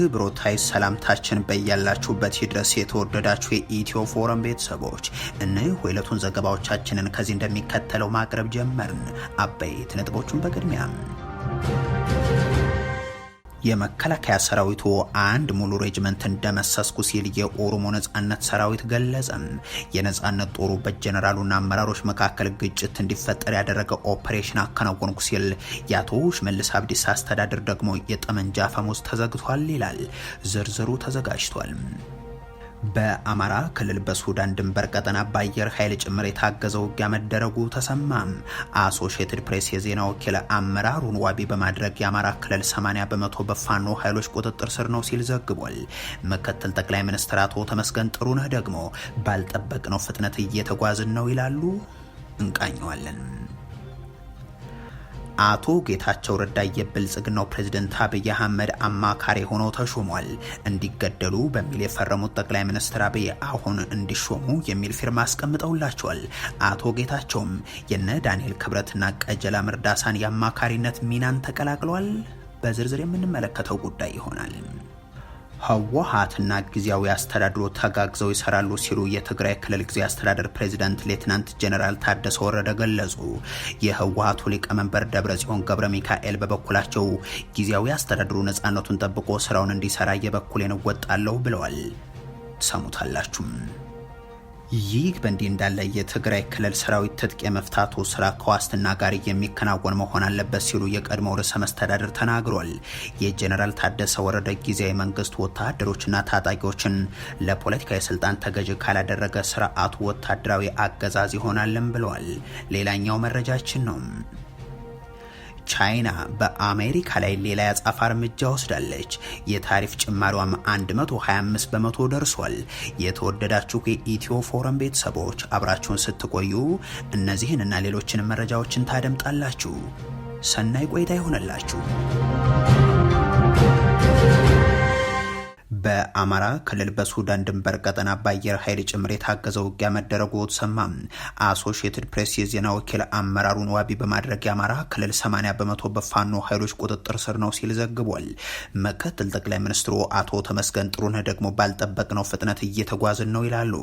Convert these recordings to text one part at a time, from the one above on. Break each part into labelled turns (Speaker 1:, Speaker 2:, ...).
Speaker 1: ክብሮታይ ሰላምታችን በያላችሁበት ይድረስ። የተወደዳችሁ የኢትዮ ፎረም ቤተሰቦች እነሆ ሁለቱን ዘገባዎቻችንን ከዚህ እንደሚከተለው ማቅረብ ጀመርን። አበይት ነጥቦቹን በቅድሚያ የመከላከያ ሰራዊቱ አንድ ሙሉ ሬጅመንት እንደመሰስኩ ሲል የኦሮሞ ነጻነት ሰራዊት ገለጸም። የነጻነት ጦሩ በጀኔራሉና አመራሮች መካከል ግጭት እንዲፈጠር ያደረገ ኦፕሬሽን አከናወንኩ ሲል የአቶ ሽመልስ አብዲሳ አስተዳደር ደግሞ የጠመንጃ አፈሙዝ ተዘግቷል ይላል። ዝርዝሩ ተዘጋጅቷል። በአማራ ክልል በሱዳን ድንበር ቀጠና በአየር ኃይል ጭምር የታገዘ ውጊያ መደረጉ ተሰማም። አሶሽየትድ ፕሬስ የዜና ወኪል አመራሩን ዋቢ በማድረግ የአማራ ክልል 80 በመቶ በፋኖ ኃይሎች ቁጥጥር ስር ነው ሲል ዘግቧል። ምክትል ጠቅላይ ሚኒስትር አቶ ተመስገን ጥሩነህ ደግሞ ባልጠበቅነው ፍጥነት እየተጓዝን ነው ይላሉ። እንቃኘዋለን። አቶ ጌታቸው ረዳ የብልጽግናው ፕሬዝደንት አብይ አህመድ አማካሪ ሆነው ተሾሟል። እንዲገደሉ በሚል የፈረሙት ጠቅላይ ሚኒስትር አብይ አሁን እንዲሾሙ የሚል ፊርማ አስቀምጠውላቸዋል። አቶ ጌታቸውም የነ ዳንኤል ክብረትና ቀጀላ መርዳሳን የአማካሪነት ሚናን ተቀላቅለዋል። በዝርዝር የምንመለከተው ጉዳይ ይሆናል። ህወሓትና ጊዜያዊ አስተዳድሮ ተጋግዘው ይሰራሉ ሲሉ የትግራይ ክልል ጊዜ አስተዳደር ፕሬዚደንት ሌትናንት ጀነራል ታደሰ ወረደ ገለጹ። የህወሓቱ ሊቀመንበር ደብረጽዮን ገብረ ሚካኤል በበኩላቸው ጊዜያዊ አስተዳድሩ ነፃነቱን ጠብቆ ስራውን እንዲሰራ የበኩሌን እወጣለሁ ብለዋል። ሰሙታላችሁም። ይህ በእንዲህ እንዳለ የትግራይ ክልል ሰራዊት ትጥቅ የመፍታቱ ስራ ከዋስትና ጋር የሚከናወን መሆን አለበት ሲሉ የቀድሞው ርዕሰ መስተዳድር ተናግሯል። የጀነራል ታደሰ ወረደ ጊዜያዊ መንግስት ወታደሮችና ታጣቂዎችን ለፖለቲካ የስልጣን ተገዥ ካላደረገ ስርዓቱ ወታደራዊ አገዛዝ ይሆናልም ብለዋል። ሌላኛው መረጃችን ነው። ቻይና በአሜሪካ ላይ ሌላ የአጸፋ እርምጃ ወስዳለች። የታሪፍ ጭማሪዋም 125 በመቶ ደርሷል። የተወደዳችሁ የኢትዮ ፎረም ቤተሰቦች አብራችሁን ስትቆዩ እነዚህን እና ሌሎችንም መረጃዎችን ታደምጣላችሁ። ሰናይ ቆይታ ይሆነላችሁ። በአማራ ክልል በሱዳን ድንበር ቀጠና በአየር ኃይል ጭምር የታገዘ ውጊያ መደረጉ ተሰማ። አሶሺየትድ ፕሬስ የዜና ወኪል አመራሩን ዋቢ በማድረግ የአማራ ክልል 80 በመቶ በፋኖ ኃይሎች ቁጥጥር ስር ነው ሲል ዘግቧል። ምክትል ጠቅላይ ሚኒስትሩ አቶ ተመስገን ጥሩነህ ደግሞ ባልጠበቅነው ፍጥነት እየተጓዝን ነው ይላሉ።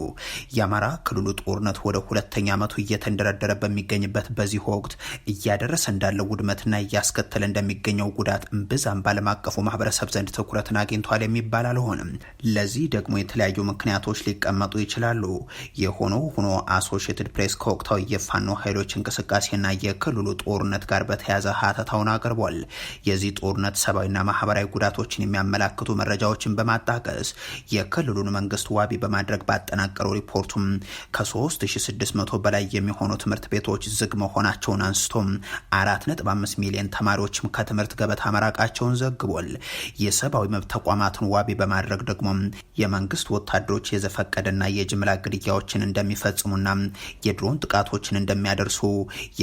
Speaker 1: የአማራ ክልሉ ጦርነት ወደ ሁለተኛ ዓመቱ እየተንደረደረ በሚገኝበት በዚህ ወቅት እያደረሰ እንዳለው ውድመትና እያስከተለ እንደሚገኘው ጉዳት እምብዛም ባለም አቀፉ ማህበረሰብ ዘንድ ትኩረትን አግኝቷል የሚባላል አልሆንም። ለዚህ ደግሞ የተለያዩ ምክንያቶች ሊቀመጡ ይችላሉ። የሆኖ ሆኖ አሶሽትድ ፕሬስ ከወቅታዊ የፋኖ ኃይሎች እንቅስቃሴና የክልሉ ጦርነት ጋር በተያያዘ ሀተታውን አቅርቧል። የዚህ ጦርነት ሰብአዊና ማህበራዊ ጉዳቶችን የሚያመላክቱ መረጃዎችን በማጣቀስ የክልሉን መንግስት ዋቢ በማድረግ ባጠናቀረው ሪፖርቱም ከ3600 በላይ የሚሆኑ ትምህርት ቤቶች ዝግ መሆናቸውን አንስቶም 4.5 ሚሊዮን ተማሪዎችም ከትምህርት ገበታ መራቃቸውን ዘግቧል። የሰብአዊ መብት ተቋማትን ዋቢ በማድረግ ደግሞ የመንግስት ወታደሮች የዘፈቀደና የጅምላ ግድያዎችን እንደሚፈጽሙና የድሮን ጥቃቶችን እንደሚያደርሱ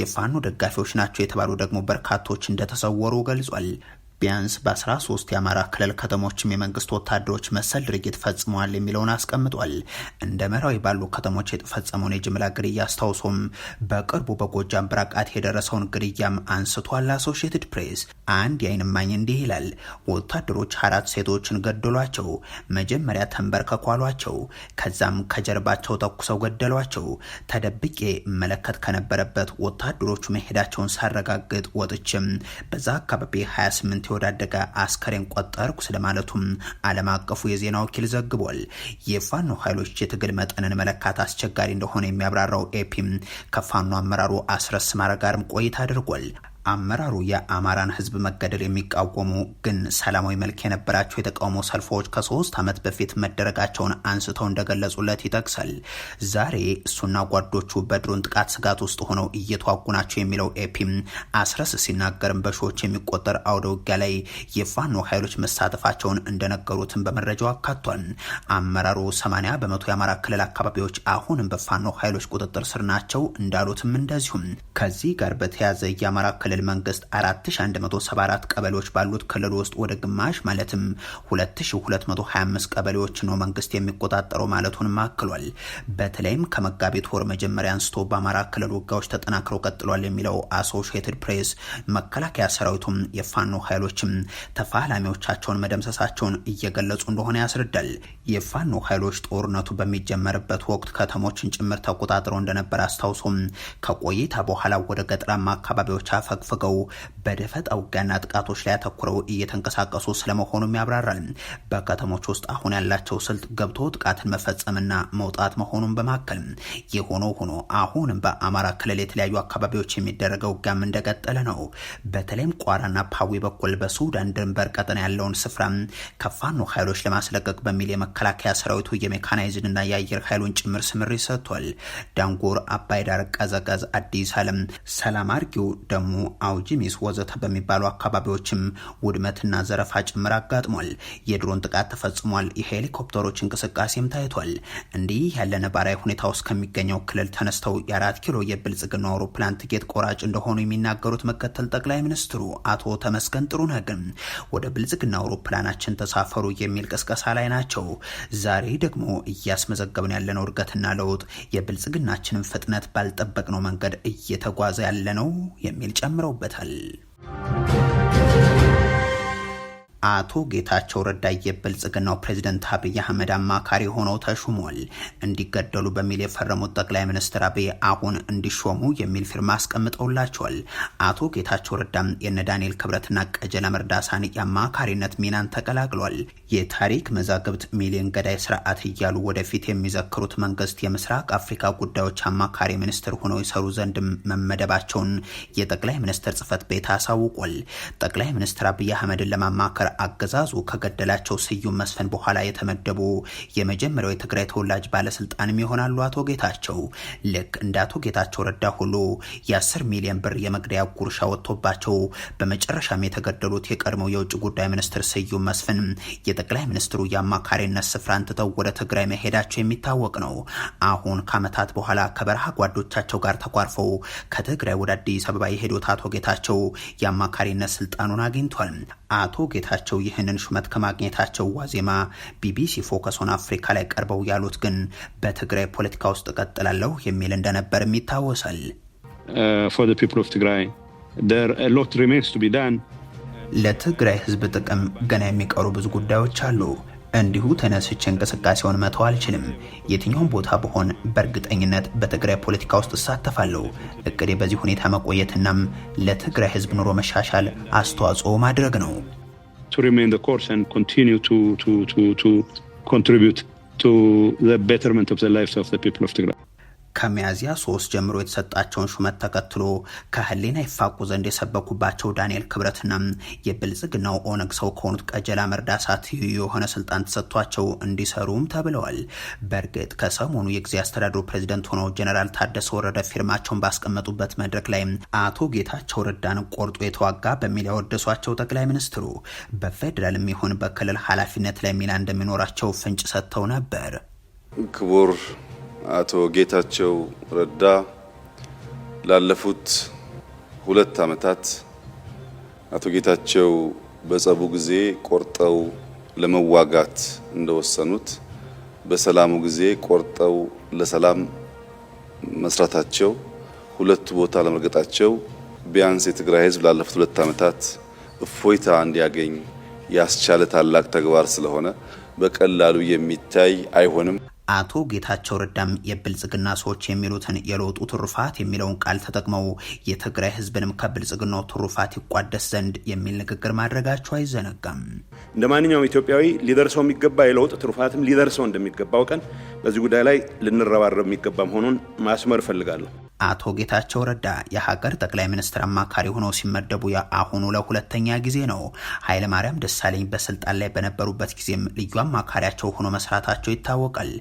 Speaker 1: የፋኖ ደጋፊዎች ናቸው የተባሉ ደግሞ በርካቶች እንደተሰወሩ ገልጿል። ቢያንስ በ13 የአማራ ክልል ከተሞችም የመንግስት ወታደሮች መሰል ድርጊት ፈጽመዋል የሚለውን አስቀምጧል። እንደ መራዊ ባሉ ከተሞች የተፈጸመውን የጅምላ ግድያ አስታውሶም በቅርቡ በጎጃም ብራቃት የደረሰውን ግድያም አንስቷል አሶሺየትድ ፕሬስ አንድ የአይን እማኝ እንዲህ ይላል። ወታደሮች አራት ሴቶችን ገደሏቸው። መጀመሪያ ተንበር ከኳሏቸው ከዛም ከጀርባቸው ተኩሰው ገደሏቸው። ተደብቄ መለከት ከነበረበት ወታደሮቹ መሄዳቸውን ሳረጋግጥ ወጥችም በዛ አካባቢ 28 የወዳደቀ አስከሬን ቆጠርኩ ስለማለቱም ዓለም አቀፉ የዜና ወኪል ዘግቧል። የፋኖ ኃይሎች የትግል መጠንን መለካት አስቸጋሪ እንደሆነ የሚያብራራው ኤፒም ከፋኖ አመራሩ አስረስ ማረ ጋርም ቆይታ አድርጓል። አመራሩ የአማራን ህዝብ መገደል የሚቃወሙ ግን ሰላማዊ መልክ የነበራቸው የተቃውሞ ሰልፎች ከሶስት ዓመት በፊት መደረጋቸውን አንስተው እንደገለጹለት ይጠቅሳል። ዛሬ እሱና ጓዶቹ በድሮን ጥቃት ስጋት ውስጥ ሆነው እየተዋጉ ናቸው የሚለው ኤፒም አስረስ ሲናገርም በሺዎች የሚቆጠር አውደ ውጊያ ላይ የፋኖ ኃይሎች መሳተፋቸውን እንደነገሩትም በመረጃው አካቷል። አመራሩ 80 በመቶ የአማራ ክልል አካባቢዎች አሁንም በፋኖ ኃይሎች ቁጥጥር ስር ናቸው እንዳሉትም እንደዚሁም ከዚህ ጋር በተያያዘ የአማራ ክልል ክልል መንግስት 4174 ቀበሌዎች ባሉት ክልል ውስጥ ወደ ግማሽ ማለትም 2225 ቀበሌዎች ነው መንግስት የሚቆጣጠረው ማለቱንም አክሏል። በተለይም ከመጋቢት ወር መጀመሪያ አንስቶ በአማራ ክልል ውጊያዎች ተጠናክረው ቀጥሏል የሚለው አሶሽትድ ፕሬስ መከላከያ ሰራዊቱም የፋኖ ኃይሎችም ተፋላሚዎቻቸውን መደምሰሳቸውን እየገለጹ እንደሆነ ያስረዳል። የፋኖ ኃይሎች ጦርነቱ በሚጀመርበት ወቅት ከተሞችን ጭምር ተቆጣጥረው እንደነበር አስታውሶም ከቆይታ በኋላ ወደ ገጠራማ አካባቢዎች አፈግ አጥፍገው በደፈጣ ውጊያና ጥቃቶች ላይ አተኩረው እየተንቀሳቀሱ ስለመሆኑም ያብራራል። በከተሞች ውስጥ አሁን ያላቸው ስልት ገብቶ ጥቃትን መፈጸምና መውጣት መሆኑን በማከል የሆኖ ሆኖ አሁንም በአማራ ክልል የተለያዩ አካባቢዎች የሚደረገው ውጊያም እንደቀጠለ ነው። በተለይም ቋራና ፓዊ በኩል በሱዳን ድንበር ቀጠና ያለውን ስፍራ ከፋኖ ኃይሎች ለማስለቀቅ በሚል የመከላከያ ሰራዊቱ የሜካናይዝድና የአየር ኃይሉን ጭምር ስምሪት ሰጥቷል። ዳንጎር፣ አባይ ዳር፣ ቀዘቀዝ፣ አዲስ አለም ሰላም አርጊው፣ ደግሞ አውጂሚስ ወዘተ በሚባሉ አካባቢዎችም ውድመትና ዘረፋ ጭምር አጋጥሟል። የድሮን ጥቃት ተፈጽሟል። የሄሊኮፕተሮች እንቅስቃሴም ታይቷል። እንዲህ ያለ ነባራዊ ሁኔታ ውስጥ ከሚገኘው ክልል ተነስተው የአራት ኪሎ የብልጽግና አውሮፕላን ትኬት ቆራጭ እንደሆኑ የሚናገሩት መከተል ጠቅላይ ሚኒስትሩ አቶ ተመስገን ጥሩነህ ግን ወደ ብልጽግና አውሮፕላናችን ተሳፈሩ የሚል ቅስቀሳ ላይ ናቸው። ዛሬ ደግሞ እያስመዘገብን ያለነው እድገትና ለውጥ የብልጽግናችንን ፍጥነት ባልጠበቅነው መንገድ እየተጓዘ ያለ ነው የሚል ጨምር ጨምረውበታል። አቶ ጌታቸው ረዳ የብልጽግናው ፕሬዚደንት አብይ አህመድ አማካሪ ሆነው ተሹሟል። እንዲገደሉ በሚል የፈረሙት ጠቅላይ ሚኒስትር አብይ አሁን እንዲሾሙ የሚል ፊርማ አስቀምጠውላቸዋል። አቶ ጌታቸው ረዳም የነ ዳንኤል ክብረትና ቀጀላ መርዳሳን የአማካሪነት ሚናን ተቀላቅሏል። የታሪክ መዛግብት ሚሊዮን ገዳይ ስርዓት እያሉ ወደፊት የሚዘክሩት መንግስት የምስራቅ አፍሪካ ጉዳዮች አማካሪ ሚኒስትር ሆነው ይሰሩ ዘንድ መመደባቸውን የጠቅላይ ሚኒስትር ጽህፈት ቤት አሳውቋል። ጠቅላይ ሚኒስትር አብይ አህመድን ለማማከር አገዛዙ ከገደላቸው ስዩም መስፍን በኋላ የተመደቡ የመጀመሪያው የትግራይ ተወላጅ ባለስልጣንም ይሆናሉ። አቶ ጌታቸው ልክ እንደ አቶ ጌታቸው ረዳ ሁሉ የ10 ሚሊዮን ብር የመግደያ ጉርሻ ወጥቶባቸው በመጨረሻም የተገደሉት የቀድሞው የውጭ ጉዳይ ሚኒስትር ስዩም መስፍን የጠቅላይ ሚኒስትሩ የአማካሪነት ስፍራ አንትተው ወደ ትግራይ መሄዳቸው የሚታወቅ ነው። አሁን ከዓመታት በኋላ ከበረሃ ጓዶቻቸው ጋር ተኳርፈው ከትግራይ ወደ አዲስ አበባ የሄዱት አቶ ጌታቸው የአማካሪነት ስልጣኑን አግኝቷል። አቶ ጌታቸው እሳቸው ይህንን ሹመት ከማግኘታቸው ዋዜማ ቢቢሲ ፎከስ ኦን አፍሪካ ላይ ቀርበው ያሉት ግን በትግራይ ፖለቲካ ውስጥ እቀጥላለሁ የሚል እንደነበርም ይታወሳል። uh, ለትግራይ ሕዝብ ጥቅም ገና የሚቀሩ ብዙ ጉዳዮች አሉ። እንዲሁ ተነስቼ እንቅስቃሴውን መተው አልችልም። የትኛውም ቦታ በሆን በእርግጠኝነት በትግራይ ፖለቲካ ውስጥ እሳተፋለሁ። እቅዴ በዚህ ሁኔታ መቆየትናም ለትግራይ ሕዝብ ኑሮ መሻሻል አስተዋጽኦ ማድረግ ነው። to remain the course and continue to, to, to, to contribute to the betterment of the lives of the people of Tigray. ከሚያዝያ ሶስት ጀምሮ የተሰጣቸውን ሹመት ተከትሎ ከህሊና ይፋቁ ዘንድ የሰበኩባቸው ዳንኤል ክብረትና የብልጽግናው ኦነግ ሰው ከሆኑት ቀጀላ መርዳሳ ትይዩ የሆነ ስልጣን ተሰጥቷቸው እንዲሰሩም ተብለዋል። በእርግጥ ከሰሞኑ የጊዜ አስተዳደሩ ፕሬዚደንት ሆነው ጀኔራል ታደሰ ወረደ ፊርማቸውን ባስቀመጡበት መድረክ ላይ አቶ ጌታቸው ረዳን ቆርጦ የተዋጋ በሚል ያወደሷቸው ጠቅላይ ሚኒስትሩ በፌዴራል የሚሆን በክልል ኃላፊነት ላይ ሚና እንደሚኖራቸው ፍንጭ ሰጥተው ነበር። ክቡር አቶ ጌታቸው ረዳ ላለፉት ሁለት ዓመታት አቶ ጌታቸው በጸቡ ጊዜ ቆርጠው ለመዋጋት እንደወሰኑት በሰላሙ ጊዜ ቆርጠው ለሰላም መስራታቸው ሁለቱ ቦታ ለመርገጣቸው ቢያንስ የትግራይ ሕዝብ ላለፉት ሁለት ዓመታት እፎይታ እንዲያገኝ ያስቻለ ታላቅ ተግባር ስለሆነ በቀላሉ የሚታይ አይሆንም። አቶ ጌታቸው ረዳም የብልጽግና ሰዎች የሚሉትን የለውጡ ትሩፋት የሚለውን ቃል ተጠቅመው የትግራይ ህዝብንም ከብልጽግናው ትሩፋት ይቋደስ ዘንድ የሚል ንግግር ማድረጋቸው አይዘነጋም። እንደ ማንኛውም ኢትዮጵያዊ ሊደርሰው የሚገባ የለውጥ ትሩፋትም ሊደርሰው እንደሚገባው ቀን በዚህ ጉዳይ ላይ ልንረባረብ የሚገባ መሆኑን ማስመር እፈልጋለሁ። አቶ ጌታቸው ረዳ የሀገር ጠቅላይ ሚኒስትር አማካሪ ሆነው ሲመደቡ የአሁኑ ለሁለተኛ ጊዜ ነው። ኃይለማርያም ደሳለኝ በስልጣን ላይ በነበሩበት ጊዜም ልዩ አማካሪያቸው ሆኖ መስራታቸው ይታወቃል።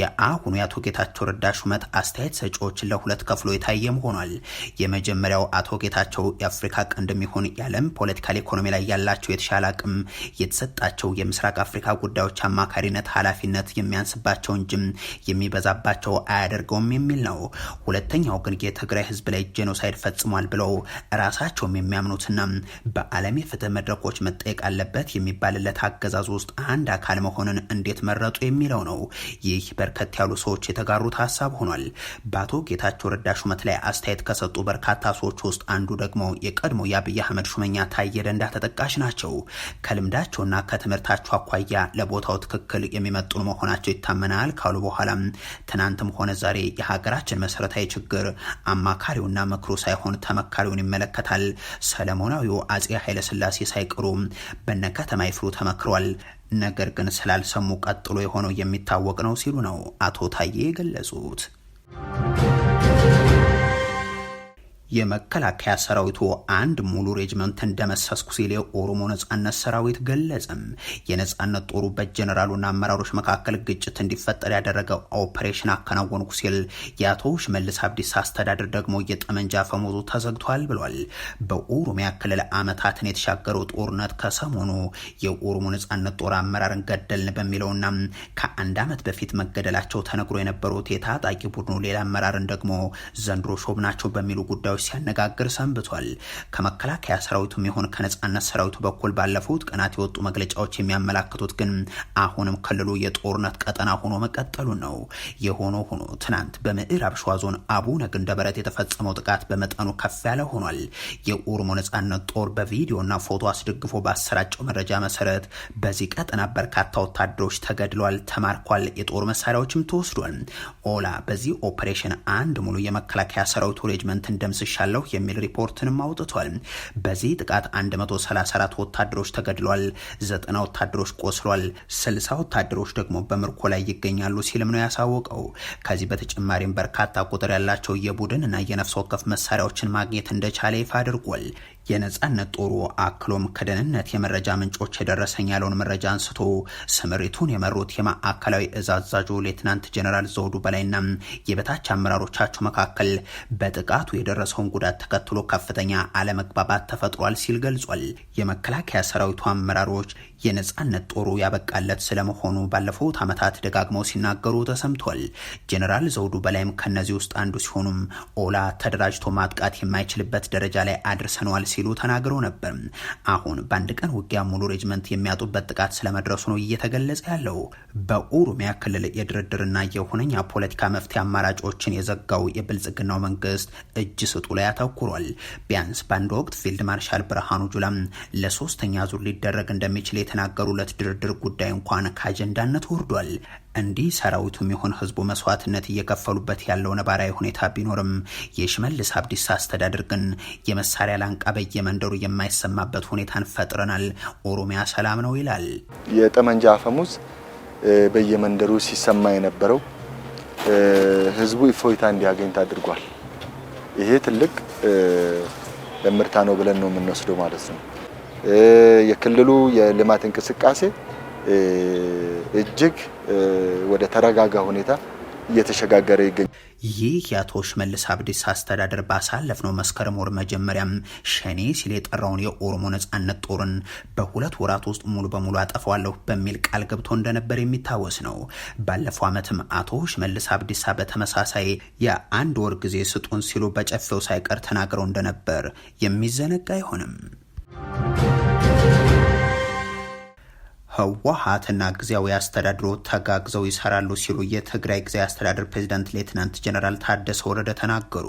Speaker 1: የአሁኑ የአቶ ጌታቸው ረዳ ሹመት አስተያየት ሰጪዎችን ለሁለት ከፍሎ የታየም ሆኗል። የመጀመሪያው አቶ ጌታቸው የአፍሪካ ቀንድ የሚሆን የዓለም ፖለቲካል ኢኮኖሚ ላይ ያላቸው የተሻለ አቅም የተሰጣቸው የምስራቅ አፍሪካ ጉዳዮች አማካሪነት ኃላፊነት የሚያንስባቸው እንጂም የሚበዛባቸው አያደርገውም የሚል ነው። ሁለተኛው ግን ግን የትግራይ ህዝብ ላይ ጄኖሳይድ ፈጽሟል ብለው ራሳቸውም የሚያምኑትና በዓለም የፍትህ መድረኮች መጠየቅ አለበት የሚባልለት አገዛዝ ውስጥ አንድ አካል መሆንን እንዴት መረጡ የሚለው ነው። ይህ በርከት ያሉ ሰዎች የተጋሩት ሀሳብ ሆኗል። በአቶ ጌታቸው ረዳ ሹመት ላይ አስተያየት ከሰጡ በርካታ ሰዎች ውስጥ አንዱ ደግሞ የቀድሞ የአብይ አህመድ ሹመኛ ታየ ደንደዓ ተጠቃሽ ናቸው። ከልምዳቸውና ከትምህርታቸው አኳያ ለቦታው ትክክል የሚመጡን መሆናቸው ይታመናል ካሉ በኋላም ትናንትም ሆነ ዛሬ የሀገራችን መሰረታዊ ችግር አማካሪውና መክሮ ሳይሆን ተመካሪውን ይመለከታል። ሰለሞናዊው አጼ ኃይለስላሴ ሳይቀሩ በነ ከተማ ይፍሩ ተመክሯል። ነገር ግን ስላልሰሙ ቀጥሎ የሆነው የሚታወቅ ነው ሲሉ ነው አቶ ታዬ የገለጹት። የመከላከያ ሰራዊቱ አንድ ሙሉ ሬጅመንት እንደመሰስኩ ሲል የኦሮሞ ነጻነት ሰራዊት ገለጸም። የነጻነት ጦሩ በጀኔራሉና አመራሮች መካከል ግጭት እንዲፈጠር ያደረገ ኦፕሬሽን አከናወንኩ ሲል የአቶ ሽመልስ አብዲስ አስተዳደር ደግሞ የጠመንጃ ፈሞዙ ተዘግቷል ብሏል። በኦሮሚያ ክልል አመታትን የተሻገረው ጦርነት ከሰሞኑ የኦሮሞ ነጻነት ጦር አመራርን ገደልን በሚለውና ከአንድ ዓመት በፊት መገደላቸው ተነግሮ የነበሩት የታጣቂ ቡድኑ ሌላ አመራርን ደግሞ ዘንድሮ ናቸው በሚሉ ጉዳዮች ሲያነጋግር ሰንብቷል። ከመከላከያ ሰራዊቱም ይሁን ከነጻነት ሰራዊቱ በኩል ባለፉት ቀናት የወጡ መግለጫዎች የሚያመላክቱት ግን አሁንም ክልሉ የጦርነት ቀጠና ሆኖ መቀጠሉ ነው። የሆኖ ሆኖ ትናንት በምዕራብ ሸዋ ዞን አቡነ ግንደበረት የተፈጸመው ጥቃት በመጠኑ ከፍ ያለ ሆኗል። የኦሮሞ ነጻነት ጦር በቪዲዮና ፎቶ አስደግፎ ባሰራጨው መረጃ መሰረት በዚህ ቀጠና በርካታ ወታደሮች ተገድሏል፣ ተማርኳል፣ የጦር መሳሪያዎችም ተወስዷል። ኦላ በዚህ ኦፕሬሽን አንድ ሙሉ የመከላከያ ሰራዊቱ ሬጅመንትን ደምስሽ ደርሻለሁ የሚል ሪፖርትንም አውጥቷል። በዚህ ጥቃት 134 ወታደሮች ተገድሏል፣ 90 ወታደሮች ቆስሏል፣ 60 ወታደሮች ደግሞ በምርኮ ላይ ይገኛሉ ሲልም ነው ያሳወቀው። ከዚህ በተጨማሪም በርካታ ቁጥር ያላቸው የቡድን እና የነፍስ ወከፍ መሳሪያዎችን ማግኘት እንደቻለ ይፋ አድርጓል። የነጻነት ጦሩ አክሎም ከደህንነት የመረጃ ምንጮች የደረሰኝ ያለውን መረጃ አንስቶ ስምሪቱን የመሩት የማዕከላዊ እዝ አዛዡ ሌትናንት ጀኔራል ዘውዱ በላይና የበታች አመራሮቻቸው መካከል በጥቃቱ የደረሰውን ጉዳት ተከትሎ ከፍተኛ አለመግባባት ተፈጥሯል ሲል ገልጿል። የመከላከያ ሰራዊቱ አመራሮች የነጻነት ጦሩ ያበቃለት ስለመሆኑ ባለፉት ዓመታት ደጋግመው ሲናገሩ ተሰምቷል። ጀነራል ዘውዱ በላይም ከነዚህ ውስጥ አንዱ ሲሆኑም ኦላ ተደራጅቶ ማጥቃት የማይችልበት ደረጃ ላይ አድርሰነዋል ሲሉ ተናግረው ነበር። አሁን በአንድ ቀን ውጊያ ሙሉ ሬጅመንት የሚያጡበት ጥቃት ስለመድረሱ ነው እየተገለጸ ያለው። በኦሮሚያ ክልል የድርድርና የሁነኛ ፖለቲካ መፍትሄ አማራጮችን የዘጋው የብልጽግናው መንግስት እጅ ስጡ ላይ አተኩሯል። ቢያንስ በአንድ ወቅት ፊልድ ማርሻል ብርሃኑ ጁላም ለሶስተኛ ዙር ሊደረግ እንደሚችል የተናገሩለት ድርድር ጉዳይ እንኳን ከአጀንዳነት ወርዷል። እንዲህ ሰራዊቱም ይሁን ህዝቡ መስዋዕትነት እየከፈሉበት ያለው ነባራዊ ሁኔታ ቢኖርም የሽመልስ አብዲሳ አስተዳደር ግን የመሳሪያ ላንቃ በየመንደሩ የማይሰማበት ሁኔታን ፈጥረናል፣ ኦሮሚያ ሰላም ነው ይላል። የጠመንጃ አፈሙዝ በየመንደሩ ሲሰማ የነበረው ህዝቡ እፎይታ እንዲያገኝ ታድርጓል። ይሄ ትልቅ እምርታ ነው ብለን ነው የምንወስደው ማለት ነው። የክልሉ የልማት እንቅስቃሴ እጅግ ወደ ተረጋጋ ሁኔታ እየተሸጋገረ ይገኛል። ይህ የአቶ ሽመልስ አብዲሳ አስተዳደር ባሳለፍነው መስከረም ወር መጀመሪያም ሸኔ ሲል የጠራውን የኦሮሞ ነጻነት ጦርን በሁለት ወራት ውስጥ ሙሉ በሙሉ አጠፋዋለሁ በሚል ቃል ገብቶ እንደነበር የሚታወስ ነው። ባለፈው ዓመትም አቶ ሽመልስ አብዲሳ በተመሳሳይ የአንድ ወር ጊዜ ስጡን ሲሉ በጨፌው ሳይቀር ተናግረው እንደነበር የሚዘነጋ አይሆንም። ህወሓትና ጊዜያዊ አስተዳድሮ ተጋግዘው ይሰራሉ ሲሉ የትግራይ ጊዜያዊ አስተዳደር ፕሬዚዳንት ሌትናንት ጀነራል ታደሰ ወረደ ተናገሩ።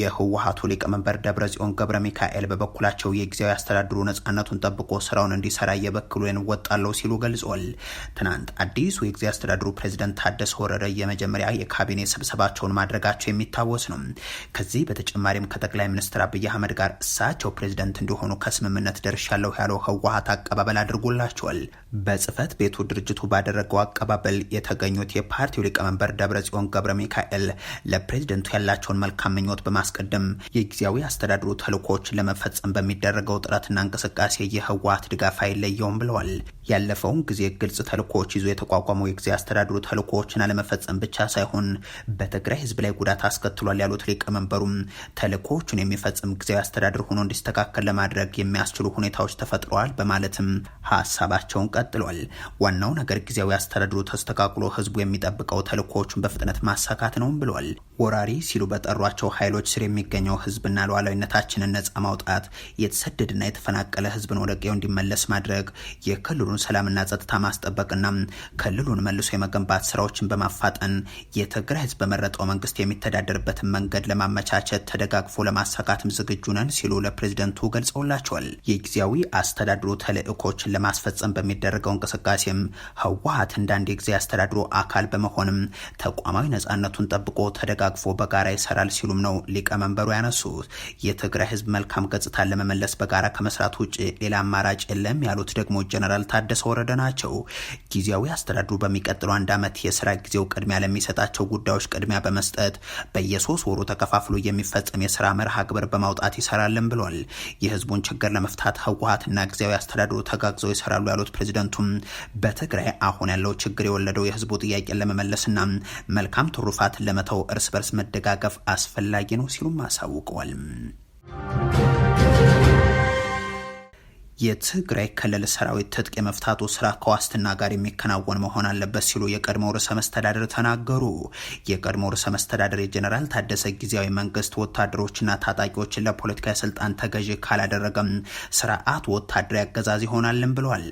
Speaker 1: የህወሓቱ ሊቀመንበር ደብረጽዮን ገብረ ሚካኤል በበኩላቸው የጊዜያዊ አስተዳድሩ ነጻነቱን ጠብቆ ስራውን እንዲሰራ የበኩሌን እወጣለሁ ሲሉ ገልጿል። ትናንት አዲሱ የጊዜያዊ አስተዳድሩ ፕሬዚደንት ታደሰ ወረደ የመጀመሪያ የካቢኔ ስብሰባቸውን ማድረጋቸው የሚታወስ ነው። ከዚህ በተጨማሪም ከጠቅላይ ሚኒስትር አብይ አህመድ ጋር እሳቸው ፕሬዚደንት እንዲሆኑ ከስምምነት ደርሻለሁ ያለው ህወሓት አቀባበል አድርጎላቸዋል። በጽህፈት ቤቱ ድርጅቱ ባደረገው አቀባበል የተገኙት የፓርቲው ሊቀመንበር ደብረጽዮን ገብረ ሚካኤል ለፕሬዝደንቱ ያላቸውን መልካም ምኞት በማስቀደም የጊዜያዊ አስተዳድሩ ተልእኮዎችን ለመፈጸም በሚደረገው ጥረትና እንቅስቃሴ የህወሓት ድጋፍ አይለየውም ብለዋል። ያለፈውን ጊዜ ግልጽ ተልኮዎች ይዞ የተቋቋመው የጊዜ አስተዳድሩ ተልኮዎችን አለመፈጸም ብቻ ሳይሆን በትግራይ ህዝብ ላይ ጉዳት አስከትሏል ያሉት ሊቀመንበሩም ተልኮዎቹን የሚፈጽም ጊዜያዊ አስተዳደር ሆኖ እንዲስተካከል ለማድረግ የሚያስችሉ ሁኔታዎች ተፈጥረዋል በማለትም ሀሳባቸውን ቀጥሏል። ዋናው ነገር ጊዜያዊ አስተዳድሩ ተስተካክሎ ህዝቡ የሚጠብቀው ተልኮዎቹን በፍጥነት ማሳካት ነውም ብሏል። ወራሪ ሲሉ በጠሯቸው ኃይሎች ስር የሚገኘው ህዝብና ሉዓላዊነታችንን ነጻ ማውጣት፣ የተሰደደና የተፈናቀለ ህዝብን ወደ ቀዬው እንዲመለስ ማድረግ፣ የክልሉ የክልሉን ሰላምና ጸጥታ ማስጠበቅና ክልሉን መልሶ የመገንባት ስራዎችን በማፋጠን የትግራይ ህዝብ በመረጠው መንግስት የሚተዳደርበትን መንገድ ለማመቻቸት ተደጋግፎ ለማሳካትም ዝግጁ ነን ሲሉ ለፕሬዝደንቱ ገልጸውላቸዋል። የጊዜያዊ አስተዳድሩ ተልእኮችን ለማስፈጸም በሚደረገው እንቅስቃሴም ህወሀት እንዳንድ የጊዜ አስተዳድሩ አካል በመሆንም ተቋማዊ ነጻነቱን ጠብቆ ተደጋግፎ በጋራ ይሰራል ሲሉም ነው ሊቀመንበሩ ያነሱት። የትግራይ ህዝብ መልካም ገጽታን ለመመለስ በጋራ ከመስራት ውጭ ሌላ አማራጭ የለም ያሉት ደግሞ ጀነራል ታደ ታደሰ ወረደ ናቸው። ጊዜያዊ አስተዳድሩ በሚቀጥለው አንድ ዓመት የስራ ጊዜው ቅድሚያ ለሚሰጣቸው ጉዳዮች ቅድሚያ በመስጠት በየሶስት ወሩ ተከፋፍሎ የሚፈጸም የስራ መርሃ ግብር በማውጣት ይሰራልን ብሏል። የህዝቡን ችግር ለመፍታት ህወሀትና ጊዜያዊ አስተዳድሩ ተጋግዘው ይሰራሉ ያሉት ፕሬዚደንቱም በትግራይ አሁን ያለው ችግር የወለደው የህዝቡ ጥያቄን ለመመለስና መልካም ትሩፋትን ለመተው እርስ በርስ መደጋገፍ አስፈላጊ ነው ሲሉም አሳውቀዋል። የትግራይ ክልል ሰራዊት ትጥቅ የመፍታቱ ስራ ከዋስትና ጋር የሚከናወን መሆን አለበት ሲሉ የቀድሞ ርዕሰ መስተዳደር ተናገሩ። የቀድሞ ርዕሰ መስተዳደር የጀኔራል ታደሰ ጊዜያዊ መንግስት ወታደሮችና ታጣቂዎችን ለፖለቲካ ስልጣን ተገዥ ካላደረገም ስርዓት ወታደራዊ አገዛዝ ይሆናልን ብሏል።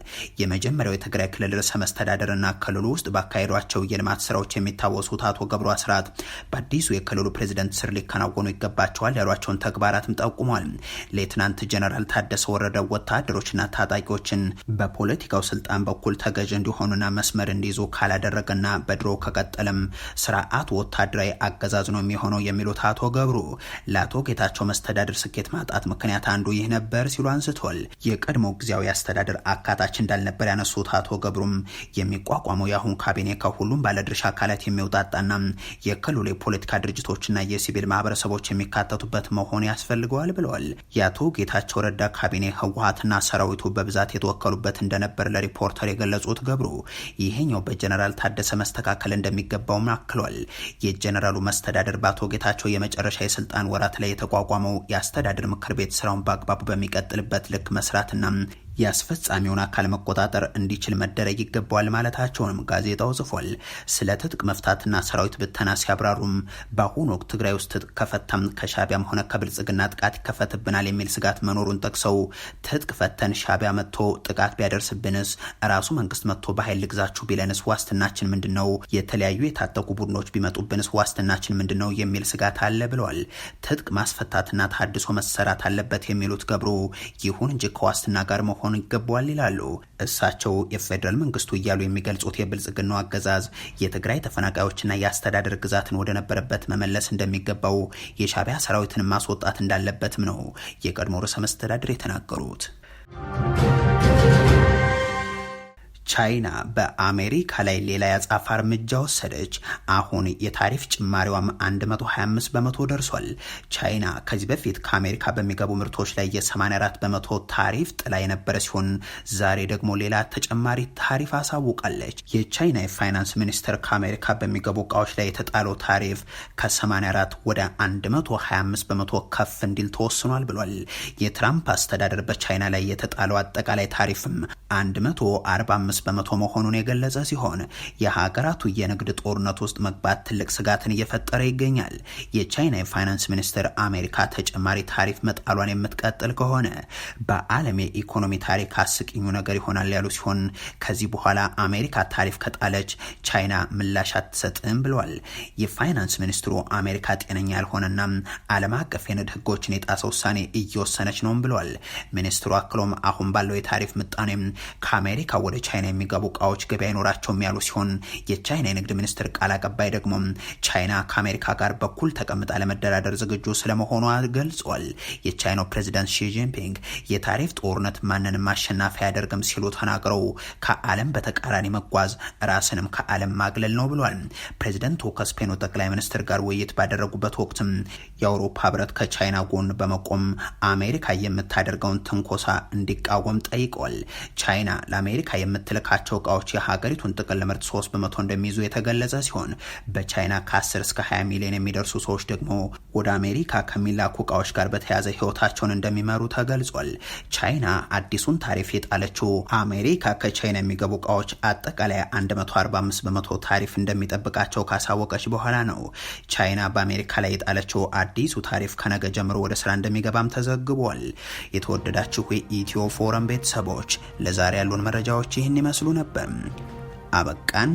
Speaker 1: የመጀመሪያው የትግራይ ክልል ርዕሰ መስተዳደርና ክልሉ ውስጥ ባካሄዷቸው የልማት ስራዎች የሚታወሱት አቶ ገብሩ አስራት በአዲሱ የክልሉ ፕሬዚደንት ስር ሊከናወኑ ይገባቸዋል ያሏቸውን ተግባራትም ጠቁሟል። ሌትናንት ጀኔራል ታደሰ ወረደ ወታደ ወታደሮችና ታጣቂዎችን በፖለቲካው ስልጣን በኩል ተገዥ እንዲሆኑና መስመር እንዲይዙ ካላደረገና በድሮ ከቀጠለም ስርዓት ወታደራዊ አገዛዝ ነው የሚሆነው የሚሉት አቶ ገብሩ ለአቶ ጌታቸው መስተዳድር ስኬት ማጣት ምክንያት አንዱ ይህ ነበር ሲሉ አንስቷል። የቀድሞ ጊዜያዊ አስተዳደር አካታች እንዳልነበር ያነሱት አቶ ገብሩም የሚቋቋመው የአሁን ካቢኔ ከሁሉም ባለድርሻ አካላት የሚውጣጣና የክልሉ የፖለቲካ ድርጅቶችና የሲቪል ማህበረሰቦች የሚካተቱበት መሆን ያስፈልገዋል ብለዋል። የአቶ ጌታቸው ረዳ ካቢኔ ህወሀትና ሰራዊቱ በብዛት የተወከሉበት እንደነበር ለሪፖርተር የገለጹት ገብሩ ይሄኛው በጀነራል ታደሰ መስተካከል እንደሚገባውም አክሏል። የጀነራሉ መስተዳደር በአቶ ጌታቸው የመጨረሻ የስልጣን ወራት ላይ የተቋቋመው የአስተዳደር ምክር ቤት ስራውን በአግባቡ በሚቀጥልበት ልክ መስራትና የአስፈጻሚውን አካል መቆጣጠር እንዲችል መደረግ ይገባዋል ማለታቸውንም ጋዜጣው ጽፏል። ስለ ትጥቅ መፍታትና ሰራዊት ብተና ሲያብራሩም በአሁኑ ወቅት ትግራይ ውስጥ ትጥቅ ከፈታም ከሻቢያም ሆነ ከብልጽግና ጥቃት ይከፈትብናል የሚል ስጋት መኖሩን ጠቅሰው ትጥቅ ፈተን ሻቢያ መጥቶ ጥቃት ቢያደርስብንስ፣ ራሱ መንግስት መጥቶ በኃይል ልግዛችሁ ቢለንስ ዋስትናችን ምንድን ነው? የተለያዩ የታጠቁ ቡድኖች ቢመጡብንስ ዋስትናችን ምንድን ነው? የሚል ስጋት አለ ብለዋል። ትጥቅ ማስፈታትና ታድሶ መሰራት አለበት የሚሉት ገብሩ ይሁን እንጂ ከዋስትና ጋር መሆን ሊሆን ይገባዋል ይላሉ። እሳቸው የፌዴራል መንግስቱ እያሉ የሚገልጹት የብልጽግናው አገዛዝ የትግራይ ተፈናቃዮችና የአስተዳደር ግዛትን ወደነበረበት መመለስ እንደሚገባው የሻቢያ ሰራዊትን ማስወጣት እንዳለበትም ነው የቀድሞ ርዕሰ መስተዳድር የተናገሩት። ቻይና በአሜሪካ ላይ ሌላ የአጸፋ እርምጃ ወሰደች። አሁን የታሪፍ ጭማሪዋም 125 በመቶ ደርሷል። ቻይና ከዚህ በፊት ከአሜሪካ በሚገቡ ምርቶች ላይ የ84 በመቶ ታሪፍ ጥላ የነበረ ሲሆን ዛሬ ደግሞ ሌላ ተጨማሪ ታሪፍ አሳውቃለች። የቻይና የፋይናንስ ሚኒስትር ከአሜሪካ በሚገቡ እቃዎች ላይ የተጣለው ታሪፍ ከ84 ወደ 125 በመቶ ከፍ እንዲል ተወስኗል ብሏል። የትራምፕ አስተዳደር በቻይና ላይ የተጣለው አጠቃላይ ታሪፍም 145 አምስት በመቶ መሆኑን የገለጸ ሲሆን የሀገራቱ የንግድ ጦርነት ውስጥ መግባት ትልቅ ስጋትን እየፈጠረ ይገኛል። የቻይና የፋይናንስ ሚኒስትር አሜሪካ ተጨማሪ ታሪፍ መጣሏን የምትቀጥል ከሆነ በዓለም የኢኮኖሚ ታሪክ አስቂኙ ነገር ይሆናል ያሉ ሲሆን ከዚህ በኋላ አሜሪካ ታሪፍ ከጣለች ቻይና ምላሽ አትሰጥም ብሏል። የፋይናንስ ሚኒስትሩ አሜሪካ ጤነኛ ያልሆነና ዓለም አቀፍ የንግድ ህጎችን የጣሰ ውሳኔ እየወሰነች ነውም ብሏል ሚኒስትሩ አክሎም አሁን ባለው የታሪፍ ምጣኔም ከአሜሪካ ወደ ቻይና ቻይና የሚገቡ እቃዎች ገበያ አይኖራቸውም ያሉ ሲሆን የቻይና የንግድ ሚኒስትር ቃል አቀባይ ደግሞ ቻይና ከአሜሪካ ጋር በኩል ተቀምጣ ለመደራደር ዝግጁ ስለመሆኗ ገልጿል። የቻይናው ፕሬዚዳንት ሺጂንፒንግ የታሪፍ ጦርነት ማንንም አሸናፊ አያደርግም ሲሉ ተናግረው ከዓለም በተቃራኒ መጓዝ ራስንም ከዓለም ማግለል ነው ብሏል። ፕሬዚደንቱ ከስፔኑ ጠቅላይ ሚኒስትር ጋር ውይይት ባደረጉበት ወቅትም የአውሮፓ ህብረት ከቻይና ጎን በመቆም አሜሪካ የምታደርገውን ትንኮሳ እንዲቃወም ጠይቀዋል። ቻይና ለአሜሪካ የምትል የምትልካቸው እቃዎች የሀገሪቱን ጥቅል ምርት 3 በመቶ እንደሚይዙ የተገለጸ ሲሆን በቻይና ከ10 እስከ 20 ሚሊዮን የሚደርሱ ሰዎች ደግሞ ወደ አሜሪካ ከሚላኩ እቃዎች ጋር በተያያዘ ህይወታቸውን እንደሚመሩ ተገልጿል። ቻይና አዲሱን ታሪፍ የጣለችው አሜሪካ ከቻይና የሚገቡ እቃዎች አጠቃላይ 145 በመቶ ታሪፍ እንደሚጠብቃቸው ካሳወቀች በኋላ ነው። ቻይና በአሜሪካ ላይ የጣለችው አዲሱ ታሪፍ ከነገ ጀምሮ ወደ ስራ እንደሚገባም ተዘግቧል። የተወደዳችሁ የኢትዮ ፎረም ቤተሰቦች ለዛሬ ያሉን መረጃዎች ይህን ይመስሉ ነበር። አበቃን።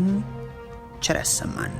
Speaker 1: ቸር ያሰማን።